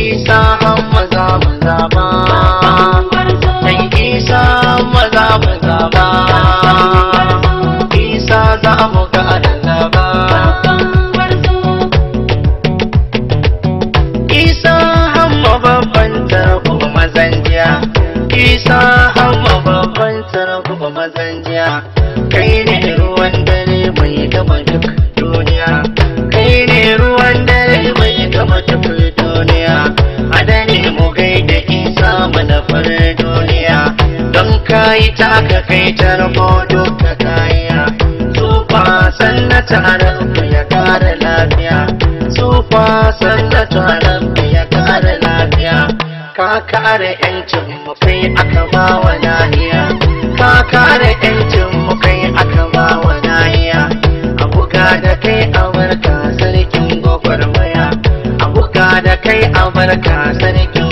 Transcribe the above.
isa maza maza ba dan isa maza maza ba isa za mu ga annaba isa hamma babban tarko mazan jiya isa hamma babban tarko mazan jiya kai ne bar duniya don kayi ta aka kai ta rabo duka kaya tsufa sannan taron ya kara lafiya tsufa sannan taron ya kara lafiya ka kare yancin mu kai aka ba wa lahiya ka kare yancin mu kai aka ba wa lahiya a buga da kai a sarkin gwagwarmaya a buga da kai a sarkin